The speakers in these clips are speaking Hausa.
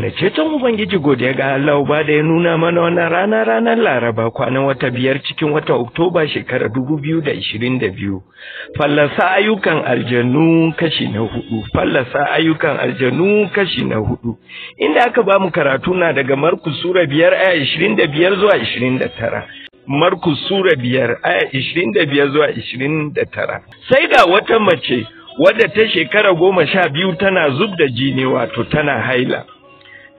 ce ceton Ubangiji godiya ga Allah ba da ya nuna mana wannan rana ranar Laraba kwanan wata biyar cikin wata Oktoba shekarar dubu biyu da ishirin da biyu. Fallasa ayyukan aljanu kashi na hudu. Fallasa ayyukan aljanu kashi na hudu. Inda aka ba mu karatu na daga Markus Sura biyar aya ishirin da biyar zuwa ishirin da tara. Markus Sura biyar aya ishirin da biyar zuwa ishirin da tara. Sai ga wata mace wadda ta shekara goma sha biyu tana zub da jini wato tana haila.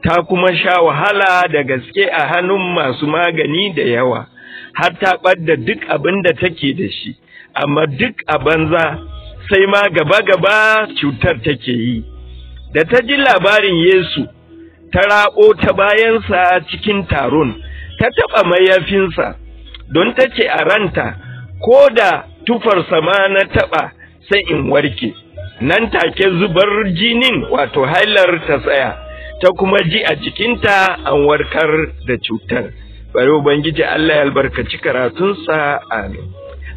ta kuma sha wahala da gaske a hannun masu magani da yawa har ta ɓadda duk abin da take da shi amma duk a banza sai ma gaba-gaba cutar take yi da ta ji labarin yesu ta raɓo ta bayansa cikin taron ta taɓa mayafinsa don ta ce a ranta ko da tufarsa ma na taɓa sai in warke nan take zubar jinin wato hailar ta tsaya ta kuma ji a jikinta an warkar da cutar bari ubangiji Allah ya albarkaci karatunsa amin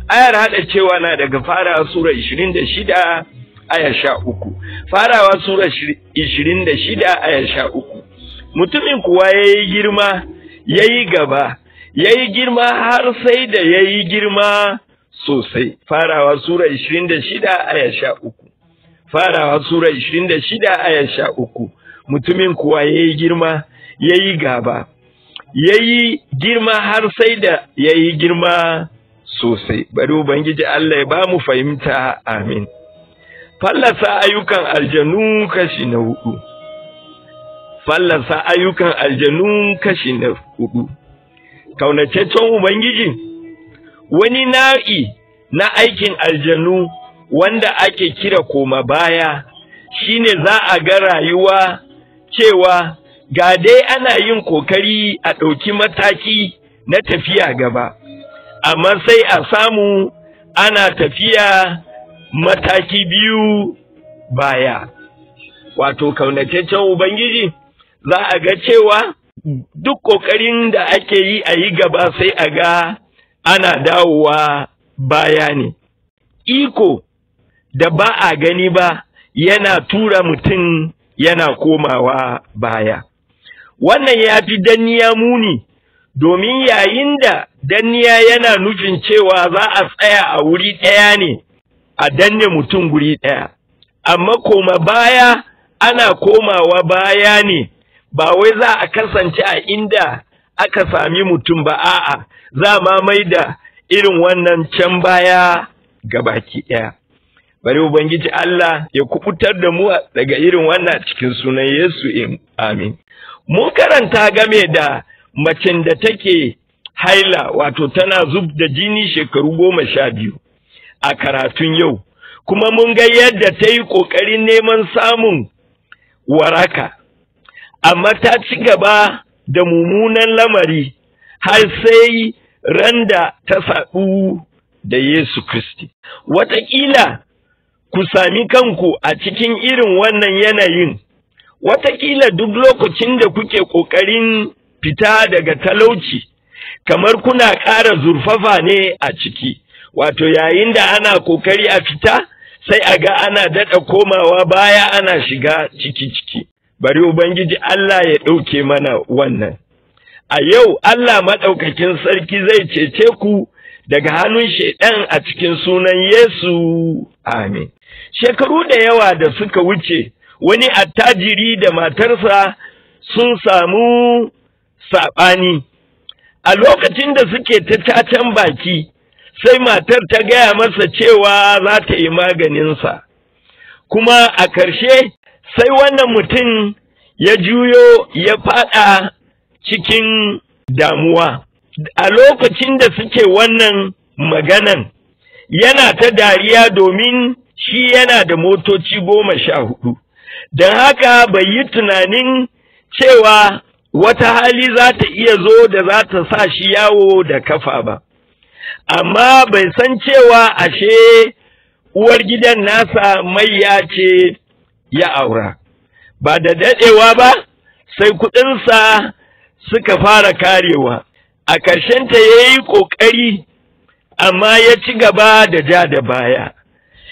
ayar hada cewa na daga fara sura 26 aya sha uku farawa sura 26 aya sha uku mutumin kuwa ya yi girma ya yi gaba ya yi girma har sai da ya yi girma sosai farawa sura 26 aya sha uku farawa sura 26 aya sha uku mutumin kuwa ya yi girma ya yi gaba ya yi girma har sai da ya yi girma sosai bari ubangiji Allah ya ba mu fahimta amin fallasa ayyukan aljanu kashi na hudu fallasa ayyukan aljanu kashi na hudu kaunataccen ubangiji wani na'i na aikin aljanu wanda ake kira koma baya shine za a ga rayuwa cewa ga dai ana yin kokari a ɗauki mataki na tafiya gaba amma sai a samu ana tafiya mataki biyu baya wato kaunataccen ubangiji za a ga cewa duk ƙoƙarin da ake yi a yi gaba sai a ga ana dawowa baya ne iko da ba a gani ba yana tura mutum yana komawa baya wannan ya fi danniya muni domin yayin da danniya yana nufin cewa za a tsaya a wuri ɗaya ne a danne mutum guri ɗaya amma koma baya ana komawa baya ne ba wai za a kasance a inda aka sami mutum ba a'a za ma mai da irin wannan can baya gabaki ɗaya bari ubangiji Allah ya kubutar da mu daga irin wannan cikin sunan Yesu amin mun karanta game da macen da take haila wato tana zub da jini shekaru goma sha biyu a karatun yau kuma mun ga yadda ta yi ƙoƙarin neman samun waraka amma ta ci gaba da mummunan lamari har sai randa ta saɓu da Yesu Kristi. Wataƙila ku sami kanku a cikin irin wannan yanayin watakila duk lokacin da kuke ƙoƙarin fita daga talauci kamar kuna ƙara zurfafa ne a ciki wato yayin da ana ƙoƙari a fita sai a ga ana daɗa komawa baya ana shiga ciki-ciki bari ubangiji Allah ya ɗauke mana wannan a yau Allah maɗaukakin sarki zai cece ku daga hannun shaiɗan a cikin sunan Yesu amin shekaru da yawa da suka wuce wani attajiri da matarsa sun samu saɓani a lokacin da suke ta cacan baki sai matar ta gaya masa cewa za ta yi maganinsa kuma a ƙarshe sai wannan mutum ya juyo ya faɗa cikin damuwa a lokacin da suke wannan maganan yana ta dariya domin shi yana da motoci goma sha hudu don haka bai yi tunanin cewa wata hali za ta iya zo da za ta sa shi yawo da kafa ba amma bai san cewa ashe uwar gidan nasa ya ce ya aura ba da daɗewa ba sai kuɗinsa suka fara karewa a ƙarshenta ya yi ƙoƙari amma ya ci gaba da ja da baya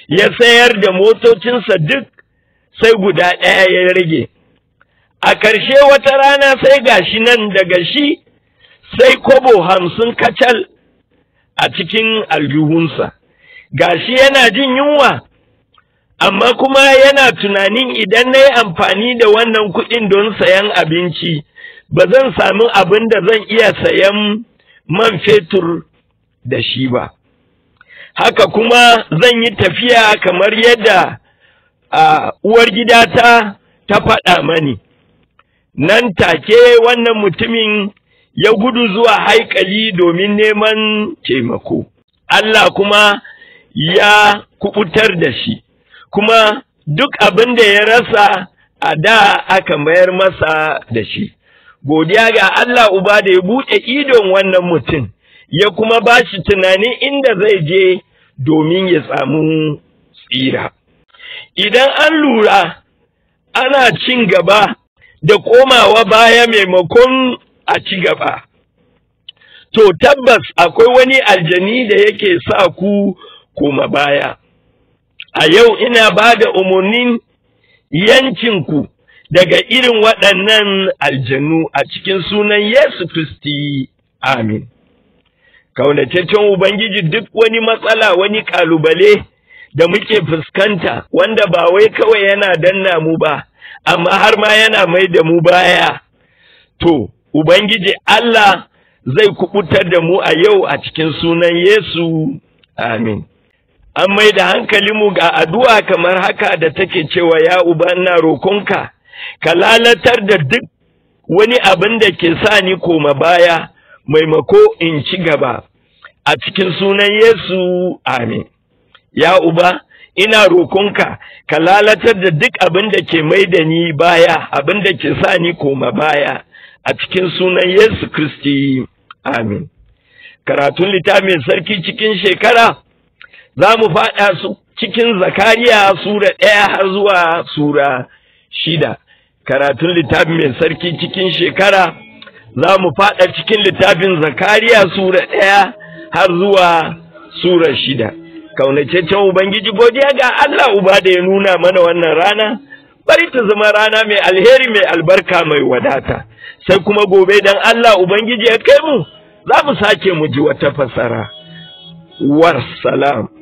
ya sayar da motocinsa duk sai guda ɗaya ya rage a ƙarshe wata rana sai gashi nan daga shi sai kobo hamsin kacal a cikin aljuhunsa gashi yana jin yunwa amma kuma yana tunanin idan na yi amfani da wannan kuɗin don sayan abinci ba zan sami abin da zan iya sayan man fetur da shi ba haka kuma zan yi tafiya kamar yadda uwar gidata ta faɗa mani nan take wannan mutumin ya gudu zuwa haikali domin neman taimako Allah kuma ya kubutar da shi kuma duk abin da ya rasa a da aka mayar masa da shi godiya ga Allah uba da ya buɗe idon wannan mutum ya kuma ba shi tunanin inda zai je domin ya samu tsira idan an lura ana cin gaba da komawa baya maimakon a ci gaba to tabbas akwai wani aljani da yake sa ku koma baya a yau ina ba da umarnin yankinku daga irin waɗannan aljanu a cikin sunan Yesu Kristi amin kaunataccen ubangiji duk wani matsala wani kalubale da muke fuskanta wanda ba wai kawai yana danna mu ba amma har ma yana mai da mu baya to ubangiji Allah zai kubutar da mu a yau a cikin sunan Yesu amin an mai da hankalinmu ga addu'a kamar haka da take cewa ya uba ina rokonka ka lalatar da duk wani abin da ke sa ni koma baya maimako in ci gaba a cikin sunan Yesu amin ya uba ina rokonka ka lalatar da duk abin da ke mai da ni baya abin da ke sa ni koma baya a cikin sunan Yesu Kristi amin karatun littafin sarki cikin shekara za mu faɗa su cikin zakariya sura ɗaya har zuwa sura shida karatun littafin mai sarki cikin shekara za mu faɗa cikin littafin zakariya sura ɗaya har zuwa sura shida kaunataccen ubangiji godiya ga Allah uba da ya nuna mana wannan rana bari ta zama rana mai alheri mai albarka mai wadata sai kuma gobe dan Allah ubangiji ya kai mu za mu sake mu ji wata fasara war salam